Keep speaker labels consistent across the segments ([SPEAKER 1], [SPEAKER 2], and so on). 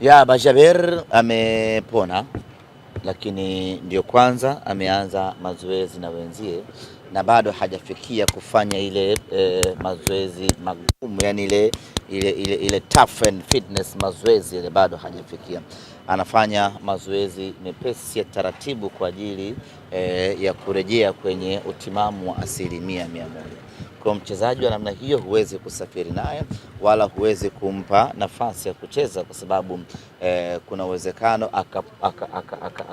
[SPEAKER 1] Ya Bajaber amepona, lakini ndio kwanza ameanza mazoezi na wenzie na bado hajafikia kufanya ile e, mazoezi magumu, yani ile, ile, ile, ile tough and fitness mazoezi ile bado hajafikia. Anafanya mazoezi mepesi ya taratibu kwa ajili e, ya kurejea kwenye utimamu wa asilimia mia moja. Kwa mchezaji wa namna hiyo huwezi kusafiri naye wala huwezi kumpa nafasi ya kucheza kwa sababu eh, kuna uwezekano akatonesha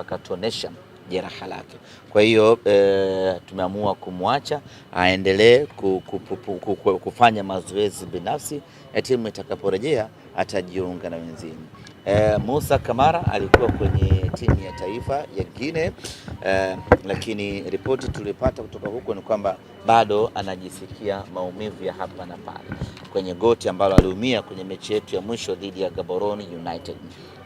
[SPEAKER 1] aka, aka, aka, aka jeraha lake. Kwa hiyo eh, tumeamua kumwacha aendelee kufanya mazoezi binafsi na eh, timu itakaporejea atajiunga na wenzini. Eh, Musa Kamara alikuwa kwenye timu ya taifa ya Guinea eh, lakini ripoti tulipata kutoka huko ni kwamba bado anajisikia maumivu ya hapa na pale kwenye goti ambalo aliumia kwenye mechi yetu ya mwisho dhidi ya Gaborone United.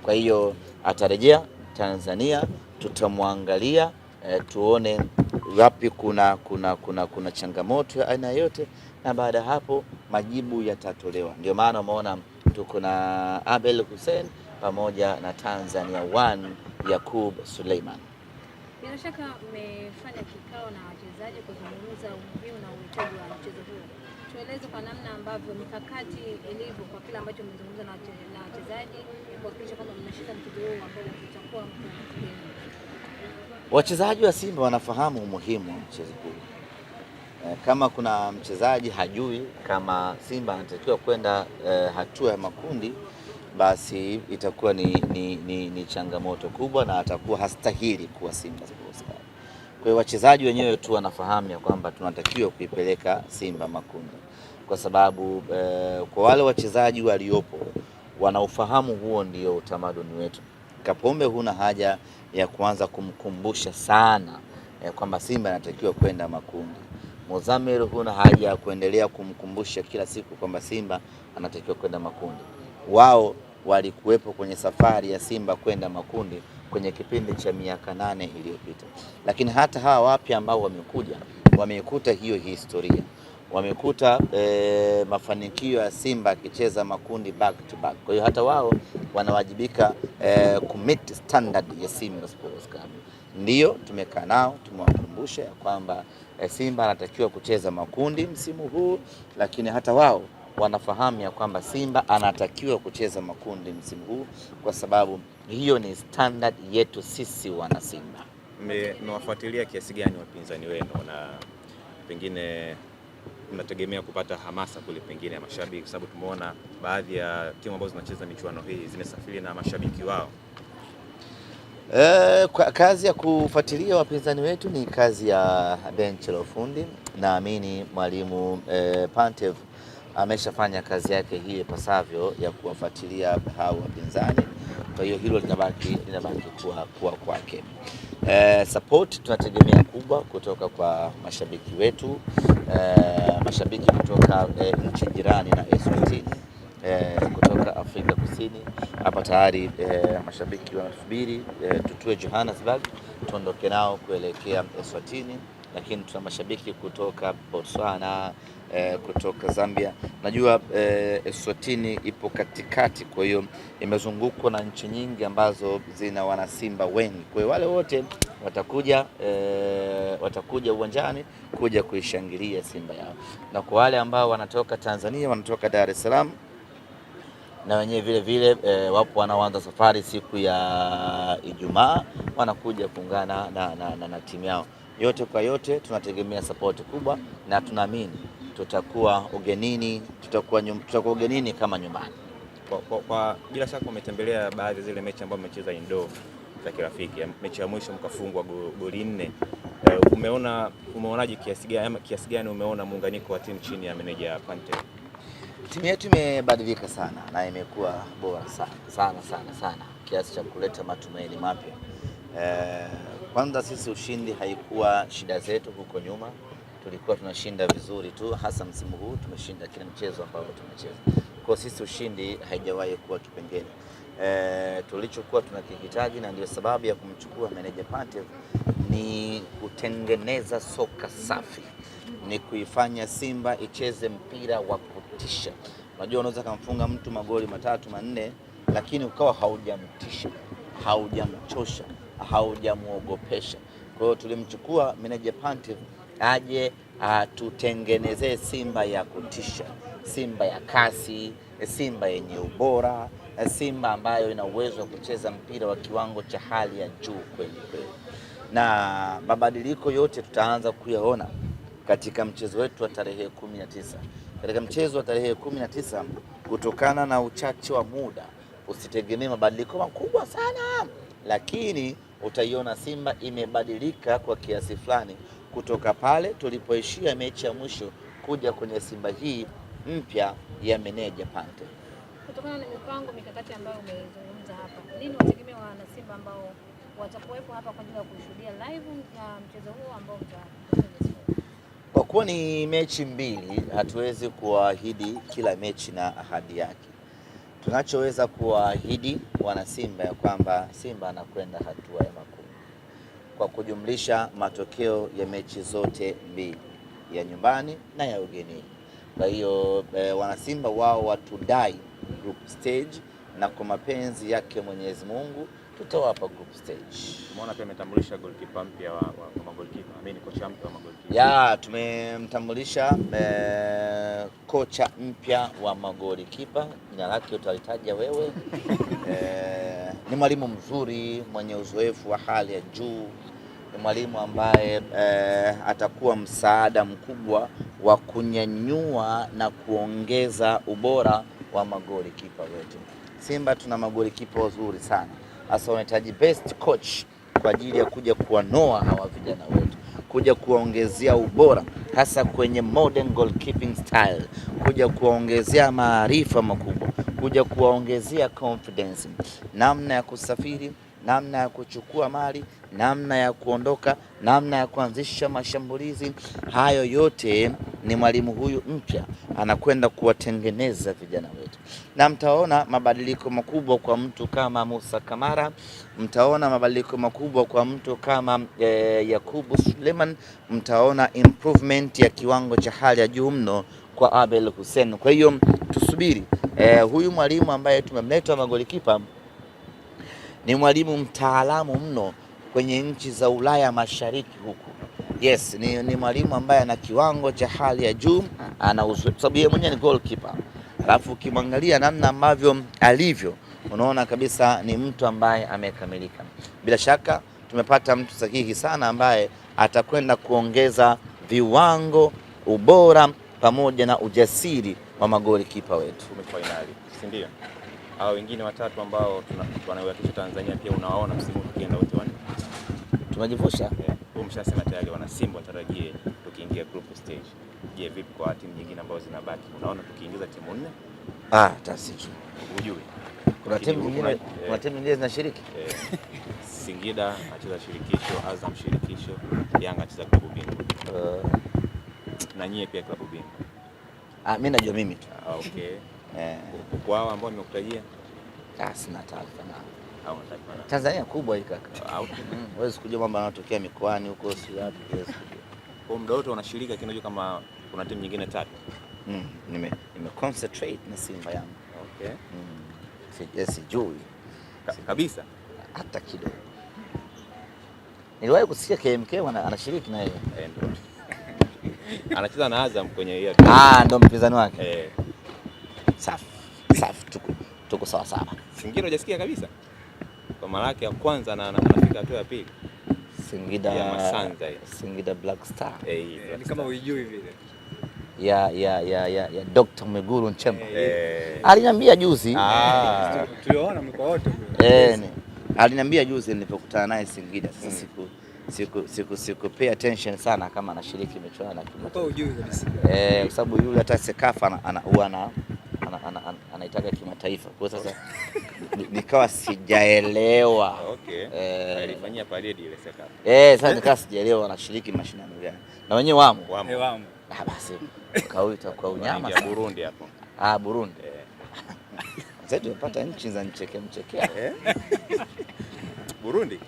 [SPEAKER 1] Kwa hiyo atarejea Tanzania, tutamwangalia eh, tuone wapi kuna, kuna, kuna, kuna changamoto ya aina yote, na baada ya hapo majibu yatatolewa. Ndio maana umeona tuko na Abel Hussein pamoja na Tanzania One Yakub Suleiman.
[SPEAKER 2] Bila shaka mmefanya kikao na wachezaji kuzungumza umuhimu na uhitaji wa mchezo huo. Tueleze kwa namna ambavyo mikakati ilivyo kwa kile ambacho mmezungumza na wachezaji kuhakikisha kwamba mnashika mchezo huo ambao utakuwa
[SPEAKER 1] Wachezaji wa Simba wanafahamu umuhimu wa mchezo huu. Eh, kama kuna mchezaji hajui kama Simba anatakiwa kwenda eh, hatua ya makundi basi itakuwa ni, ni, ni, ni changamoto kubwa na atakuwa hastahili kuwa Simba Sports Club. Kwa hiyo wachezaji wenyewe tu wanafahamu ya kwamba tunatakiwa kuipeleka Simba makundi, kwa sababu eh, kwa wale wachezaji waliopo wanaofahamu huo ndio utamaduni wetu. Kapombe huna haja ya kuanza kumkumbusha sana ya kwamba Simba anatakiwa kwenda makundi. Mozamir huna haja ya kuendelea kumkumbusha kila siku kwamba Simba anatakiwa kwenda makundi wao walikuwepo kwenye safari ya Simba kwenda makundi kwenye kipindi cha miaka nane iliyopita, lakini hata hawa wapya ambao wamekuja wameikuta hiyo historia, wamekuta e, mafanikio ya Simba akicheza makundi back to back. Kwa hiyo hata wao wanawajibika e, eh, kumit standard ya Simba Sports Club. Ndiyo tumekaa nao tumewakumbusha ya kwamba e, Simba anatakiwa kucheza makundi msimu huu, lakini hata wao wanafahamu ya kwamba Simba anatakiwa kucheza makundi msimu huu, kwa sababu hiyo ni standard yetu sisi wana Simba.
[SPEAKER 3] Mmewafuatilia kiasi gani wapinzani wenu na pengine mnategemea kupata hamasa kule pengine ya mashabiki, kwa sababu tumeona baadhi ya timu ambazo zinacheza michuano hii zimesafiri na mashabiki wao.
[SPEAKER 1] E, kwa kazi ya kufuatilia wapinzani wetu ni kazi ya benchi la ufundi. Naamini mwalimu e, Pantev ameshafanya kazi yake hii ipasavyo ya kuwafuatilia hao wapinzani. Kwa hiyo hilo linabaki linabaki kuwa kuwa kwake. E, support tunategemea kubwa kutoka kwa mashabiki wetu e, mashabiki kutoka e, nchi jirani na SPT e, kutoka Afrika Kusini hapa tayari e, mashabiki wanasubiri e, tutue Johannesburg tuondoke nao kuelekea Eswatini lakini tuna mashabiki kutoka Botswana eh, kutoka Zambia. Najua eh, Eswatini ipo katikati, kwa hiyo imezungukwa na nchi nyingi ambazo zina wanasimba wengi. Kwa hiyo wale wote watakuja eh, watakuja uwanjani kuja kuishangilia Simba yao, na kwa wale ambao wanatoka Tanzania, wanatoka Dar es Salaam na wenyewe vile vile e, wapo wanaoanza safari siku ya Ijumaa wanakuja kuungana na, na, na, na, na timu yao. Yote kwa yote, tunategemea sapoti kubwa na tunaamini tutakuwa ugenini, tutakuwa nyum, tutakuwa ugenini kama nyumbani. Kwa,
[SPEAKER 3] kwa, kwa bila shaka umetembelea baadhi zile mechi ambazo umecheza indo za kirafiki, mechi ya mwisho mkafungwa goli nne. Uh, umeona umeonaje, kiasi gani kiasi gani umeona muunganiko wa timu chini ya meneja Pante?
[SPEAKER 1] Timu yetu imebadilika sana na imekuwa bora sana sana sana sana kiasi cha kuleta matumaini mapya uh, kwanza sisi ushindi haikuwa shida zetu huko nyuma, tulikuwa tunashinda vizuri tu, hasa msimu huu tumeshinda kila mchezo ambao tumecheza. Kwa sisi ushindi haijawahi kuwa kipengele e, tulichokuwa tunakihitaji, na ndio sababu ya kumchukua meneja Pantev ni kutengeneza soka safi, ni kuifanya Simba icheze mpira wa kutisha. Unajua, unaweza kumfunga mtu magoli matatu manne, lakini ukawa haujamtisha haujamchosha haujamuogopesha Kwa hiyo tulimchukua meneja Pantev aje atutengenezee Simba ya kutisha, Simba ya kasi, Simba yenye ubora, Simba ambayo ina uwezo wa kucheza mpira wa kiwango cha hali ya juu kweli kweli, na mabadiliko yote tutaanza kuyaona katika mchezo wetu wa tarehe kumi na tisa. Katika mchezo wa tarehe kumi na tisa, kutokana na uchache wa muda, usitegemee mabadiliko makubwa sana, lakini utaiona Simba imebadilika kwa kiasi fulani kutoka pale tulipoishia mechi ya mwisho kuja kwenye Simba hii mpya ya meneja Pante.
[SPEAKER 2] Kutokana na mipango mikakati ambayo umezungumza hapa, nini wategemea wana Simba ambao watakuwepo hapa kwa ajili ya kushuhudia live ya mchezo huo ambao
[SPEAKER 1] kwa kuwa ni mechi mbili, hatuwezi kuahidi kila mechi na ahadi yake. Tunachoweza kuwaahidi wana Simba ya kwamba Simba anakwenda hatua ya makundi kwa kujumlisha matokeo ya mechi zote mbili, ya nyumbani na ya ugenini. Kwa hiyo e, wana Simba wao watudai group stage, na kwa mapenzi yake Mwenyezi Mungu tutoa hapa group stage. Umeona
[SPEAKER 3] pia umetambulisha goalkeeper mpya wa wa magolikipa. Mimi ni kocha mpya wa magolikipa.
[SPEAKER 1] Ya, tumemtambulisha eh, kocha mpya wa magolikipa. Jina lake utalitaja wewe. eh, ni mwalimu mzuri mwenye uzoefu wa hali ya juu ni mwalimu ambaye eh, atakuwa msaada mkubwa wa kunyanyua na kuongeza ubora wa magoli kipa wetu. Simba tuna magoli kipa wazuri sana hasa unahitaji best coach kwa ajili ya kuja kuwanoa hawa vijana wetu kuja kuwaongezea ubora hasa kwenye modern goalkeeping style, kuja kuwaongezea maarifa makubwa, kuja kuwaongezea confidence, namna ya kusafiri namna ya kuchukua mali, namna ya kuondoka, namna ya kuanzisha mashambulizi. Hayo yote ni mwalimu huyu mpya anakwenda kuwatengeneza vijana yetu, na mtaona mabadiliko makubwa kwa mtu kama Musa Kamara, mtaona mabadiliko makubwa kwa mtu kama e, eh, Yakubu Suleiman, mtaona improvement ya kiwango cha hali ya juu mno kwa Abel Hussein. Kwa hiyo tusubiri e, huyu mwalimu ambaye tumemleta magolikipa ni mwalimu mtaalamu mno kwenye nchi za Ulaya Mashariki huku. Yes, ni, ni mwalimu ambaye ana kiwango cha hali ya juu, ana uzoefu sababu yeye mwenyewe ni goalkeeper. Alafu ukimwangalia namna ambavyo alivyo, unaona kabisa ni mtu ambaye amekamilika. Bila shaka tumepata mtu sahihi sana ambaye atakwenda kuongeza viwango, ubora pamoja na ujasiri wa magoli kipa wetu
[SPEAKER 3] fainali, si ndio? Hao wengine watatu ambao wanawakilisha Tanzania pia unawaona msimu ukienda wote wanne.
[SPEAKER 1] Tunajivusha. Yeah.
[SPEAKER 3] Mshasema tayari wana Simba watarajie tukiingia group stage. Je, vipi kwa timu nyingine ambazo zinabaki? Unaona tukiingiza timu nne?
[SPEAKER 1] Ah, tasiki.
[SPEAKER 3] Unajui. Kuna
[SPEAKER 1] timu nyingine, kuna eh, timu nyingine zinashiriki. Eh,
[SPEAKER 3] Singida acheza shirikisho, Azam shirikisho, Yanga acheza klabu bingwa. Uh, na nyie pia klabu bingwa. Ah,
[SPEAKER 1] mimi najua mimi tu. Ah,
[SPEAKER 3] okay. Eh. Kwa hao ambao nimekutajia? Ah,
[SPEAKER 1] sina taarifa nao. Tanzania kubwa hii kaka. Mm, huwezi kujua mambo yanayotokea mikoani huko, si wapi kwa muda
[SPEAKER 3] wote wanashirika kinajua kama kuna timu nyingine tatu. Mm,
[SPEAKER 1] nime, nime concentrate na Simba yangu.
[SPEAKER 3] Okay. Mm.
[SPEAKER 1] Eh, sijui Ka,
[SPEAKER 3] kabisa hata
[SPEAKER 1] kidogo. Niliwahi kusikia KMK anashiriki na yeye. Eh,
[SPEAKER 3] Anacheza na Azam kwenye hiyo. Ah,
[SPEAKER 1] ndo mpinzani wake. Eh. Safi. Safi tuko tuko sawa sawa. Singiro
[SPEAKER 3] hajasikia kabisa. Kwa mara yake ya kwanza na anafika hatua ya pili.
[SPEAKER 1] Singida ya Singida Black Star hey, eh,
[SPEAKER 3] eh, Black ni kama uijui vile ya
[SPEAKER 1] ya ya ya, ya Dr. Meguru Nchemba hey. Eh, aliniambia juzi
[SPEAKER 3] ah. Tuliona mko wote
[SPEAKER 1] eh, aliniambia juzi nilipokutana naye Singida sasa hmm. siku siku siku siku pay attention sana kama anashiriki michuano na kimataifa.
[SPEAKER 3] Kwa sababu yule hata Sekafa ana huwa na
[SPEAKER 1] anaitaga kimataifa. Kwa sasa nikawa sijaelewa, okay.
[SPEAKER 3] Eh, eh,
[SPEAKER 1] sasa nikawa sijaelewa wanashiriki mashindano gani na wenyewe wamo. wamo
[SPEAKER 3] eh, ah
[SPEAKER 1] Basi kauita kwa unyama
[SPEAKER 3] Burundi hapo. Ah,
[SPEAKER 1] Burundi sasa tumepata nchi za mchekea mchekea. Burundi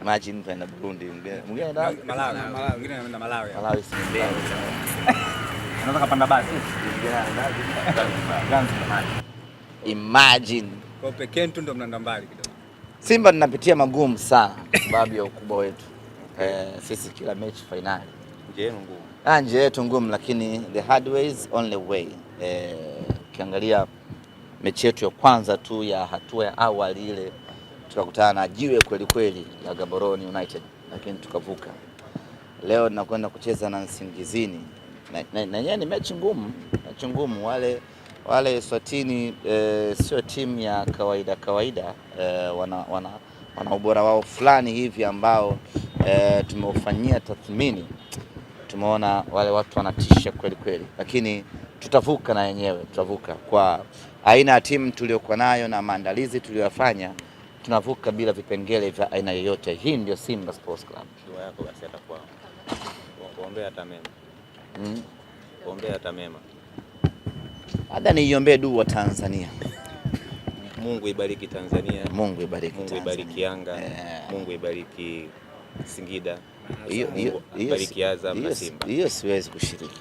[SPEAKER 1] Imagine kwenda Burundi, mgeni anaenda Malawi,
[SPEAKER 3] Malawi mwingine anaenda Malawi. Malawi
[SPEAKER 1] si mbele unaweza kupanda basi. Imagine. Kwa
[SPEAKER 3] pekee tu ndo mnaenda mbali kidogo. Simba
[SPEAKER 1] tunapitia magumu sana sababu ya ukubwa wetu. Eh, sisi kila mechi finali. Nje yetu
[SPEAKER 3] ngumu. Ah,
[SPEAKER 1] Nje yetu ngumu lakini the hard way is only way. Eh, mechi yetu ya kwanza tu ya hatua ya awali ile tukakutana na jiwe kweli kweli la Gaborone United lakini tukavuka. Leo tunakwenda kucheza na Nsingizini na yenyewe ni mechi ngumu, mechi ngumu. Wale wale Swatini e, eh, sio timu ya kawaida kawaida e, wana, wana, wana ubora wao fulani hivi ambao e, tumeufanyia tathmini, tumeona wale watu wanatisha kweli kweli, lakini tutavuka na yenyewe, tutavuka kwa aina ya timu tuliyokuwa nayo na maandalizi tuliyoyafanya tunavuka bila vipengele vya aina yoyote. Hii ndio Simba Sports Club
[SPEAKER 3] kuombea hata mema, labda
[SPEAKER 1] niiombee dua Tanzania. Mungu
[SPEAKER 3] ibariki Tanzania, Mungu ibariki, Tanzania. Mungu ibariki Yanga, yeah. Mungu ibariki Singida, hiyo
[SPEAKER 1] ibariki Azam na Simba. Hiyo siwezi kushiriki,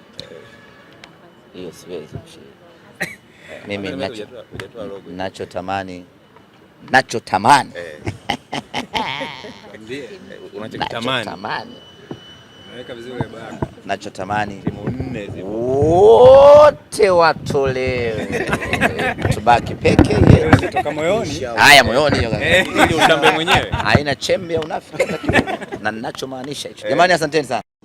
[SPEAKER 1] hiyo siwezi kushiriki eh. mimi nacho nacho tamani nachotamani Nacho tamani. Eh. nachotamani wote watolewe, tubaki peke yetu. Haya, moyoni eh, haina chembe ya unafiki na ninachomaanisha hicho. Jamani, asanteni sana.